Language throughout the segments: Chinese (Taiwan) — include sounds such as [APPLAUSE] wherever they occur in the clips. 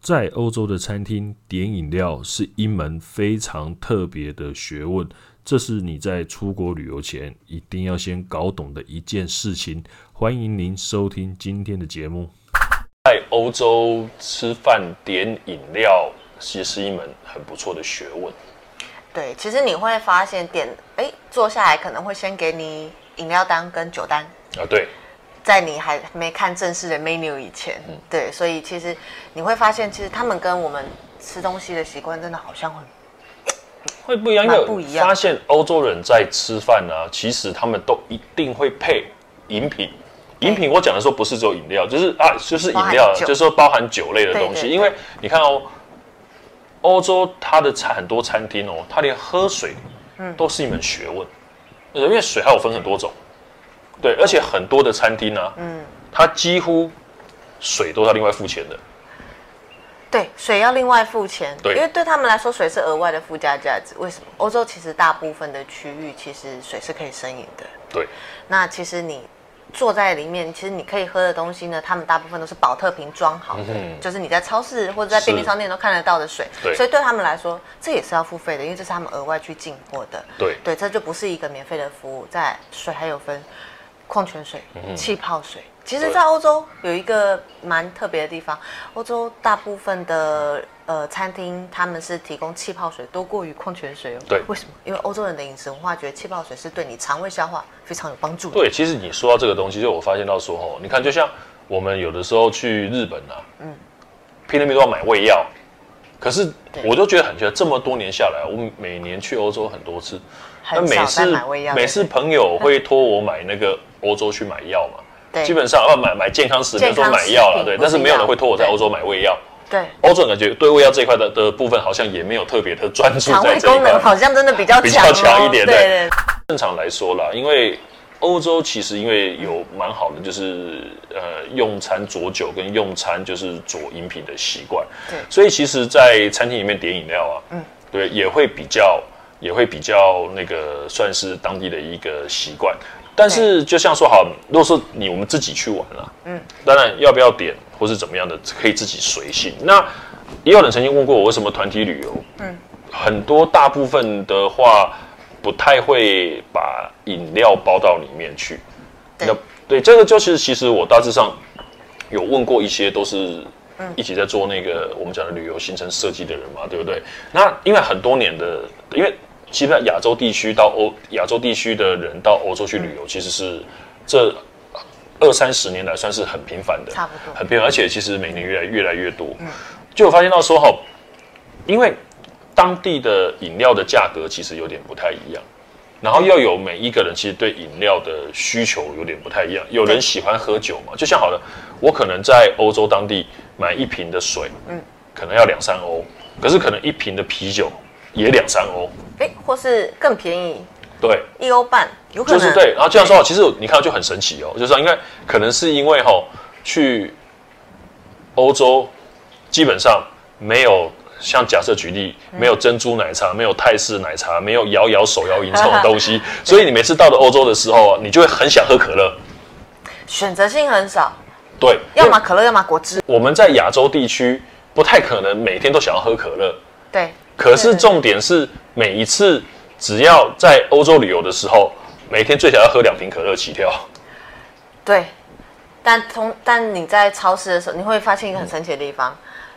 在歐洲的餐廳點飲料是一門非常特別的學問，這是你在出國旅遊前一定要先搞懂的一件事情。歡迎您收聽今天的節目。在歐洲吃飯點飲料其實是一門很不錯的學問。對，其實你會發現點，哎，坐下來可能會先給你飲料單跟酒單。啊，對。在你還沒看正式的 menu 以前，對，所以其實你會發現，其實他們跟我們吃東西的習慣真的好像會會不一樣，因為發現歐洲人在吃飯呢、啊，其實他們都一定會配飲品。飲品我講的時候不是只有飲料，欸、就是啊，就是飲料，就是說包含酒類的東西。對對對，因為你看哦，歐洲它的餐，很多餐廳哦，它連喝水嗯，都是一門學問，嗯、因為水還有分很多種。嗯對，而且很多的餐廳啊，嗯，它幾乎水都要另外付錢的。對，水要另外付錢。對，因為對他們來說，水是額外的附加價值。為什麼？歐洲其實大部分的區域其實水是可以生飲的。對。那其實你坐在裡面，其實你可以喝的東西呢，他們大部分都是寶特瓶裝好的，嗯，就是你在超市或者在便利商店都看得到的水。對。所以對他們來說，這也是要付費的，因為這是他們額外去進貨的。對。對，這就不是一個免費的服務。在水還有分。礦泉水、氣泡水，嗯、其實，在歐洲有一個蠻特別的地方。對歐洲大部分的呃餐廳，他們是提供氣泡水多過於礦泉水。哦、對，為什麼？因為歐洲人的飲食文化覺得氣泡水是對你腸胃消化非常有幫助的。對，其實你說到這個東西，就我發現到說哦，你看，就像我們有的時候去日本吶、啊，嗯，拼了命都要買胃藥，可是對我就覺得很覺得這麼多年下來，我每年去歐洲很多次，很少 每次買胃藥，每次朋友會托我買那個。 [LAUGHS] 歐洲去買藥嘛？對，基本上要買買健康食品，說買藥了，對。對，但是沒有人會托我在歐洲買胃藥。對，歐洲感覺對胃藥這一塊的的部分，好像也沒有特別的專注在這。腸胃功能好像真的比較強，哦，比較強一點的。對對對，正常來說啦，因為歐洲其實因為有蠻好的，就是，呃、用餐佐酒跟用餐就是佐飲品的習慣。對，所以其實，在餐廳裡面點飲料啊，嗯，對，也會比較也會比較那個算是當地的一個習慣。但是，就像說好，如果說你我們自己去玩了，啊，嗯，當然要不要點或是怎麼樣的，可以自己隨性。那也有人曾經問過我，為什麼團體旅遊，嗯，很多大部分的話不太會把飲料包到裡面去。那對，對這個就是，其實我大致上有問過一些，都是一起在做那個我們講的旅遊行程設計的人嘛，對不對？那因為很多年的，因為。基本上亞洲地區到歐，亞洲地區的人到歐洲去旅遊，其實是這二三十年來算是很頻繁的，差不多很頻繁，而且其實每年越來越來越多。嗯，就我發現到說，候因為當地的飲料的價格其實有點不太一樣，然後要有每一個人其實對飲料的需求有點不太一樣，有人喜歡喝酒嘛，就像好了，我可能在歐洲當地買一瓶的水，嗯，可能要兩三歐，可是可能一瓶的啤酒也兩三歐。哎，或是更便宜，對，一歐半，有可能。對，然後這樣說，其實你看就很神奇哦，就是因為可能是因為哦，去歐洲基本上沒有像假設舉例，沒有珍珠奶茶，沒有泰式奶茶，沒有搖搖手搖飲料這種東西，所以你每次到了歐洲的時候，你就會很想喝可樂，選擇性很少，對，要麼可樂，要麼果汁。我們在亞洲地區不太可能每天都想要喝可樂，對，可是重點是。每一次只要在歐洲旅遊的時候，每天最少要喝兩瓶可樂起跳。對，但同但你在超市的時候，你會發現一個很神奇的地方。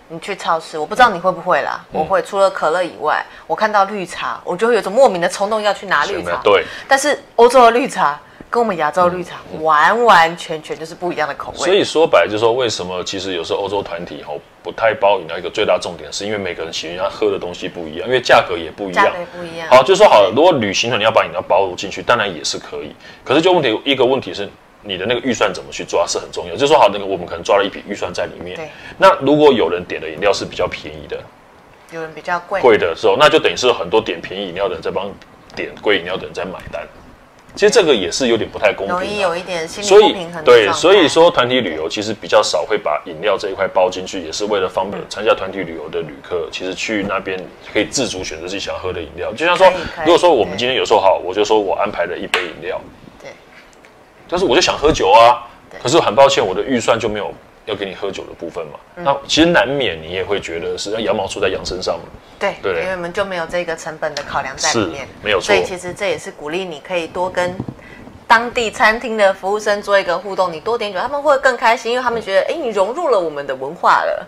嗯、你去超市，我不知道你會不會啦，嗯、我會。除了可樂以外，我看到綠茶，我就會有種莫名的衝動要去拿綠茶。對，但是歐洲的綠茶。跟我們亞洲綠茶完完全全就是不一樣的口味。所以說白了就是說，為什麼其實有時候歐洲團體不太包飲料一個最大重點，是因為每個人喜歡他喝的東西不一樣，因為價格也不一樣。價格不一樣。好，對就說好了，如果旅行了你要把飲料包入進去，當然也是可以。可是就問題一個問題是，你的那個預算怎麼去抓是很重要。就說好了，那個我們可能抓了一筆預算在裡面。對那如果有人點的飲料是比較便宜的，有人比較貴貴的時候，那就等於是很多點便宜飲料的人在幫點貴飲料的人在買單。其實這個也是有點不太公平，所以，對，所以說團體旅遊其實比較少會把飲料這一塊包進去，也是為了方便參加團體旅遊的旅客，其實去那邊可以自主選擇自己想喝的飲料。就像說，如果說我們今天有時候好，我就說我安排了一杯飲料，對，但是我就想喝酒啊，可是很抱歉，我的預算就沒有。要給你喝酒的部分嘛，嗯、那其實難免你也會覺得是要羊毛出在羊身上嘛。對，對，因為我們就沒有這個成本的考量在裡面，沒有錯。所以其實這也是鼓勵你可以多跟當地餐廳的服務生做一個互動，你多點酒，他們會更開心，因為他們覺得哎、嗯，你融入了我們的文化了。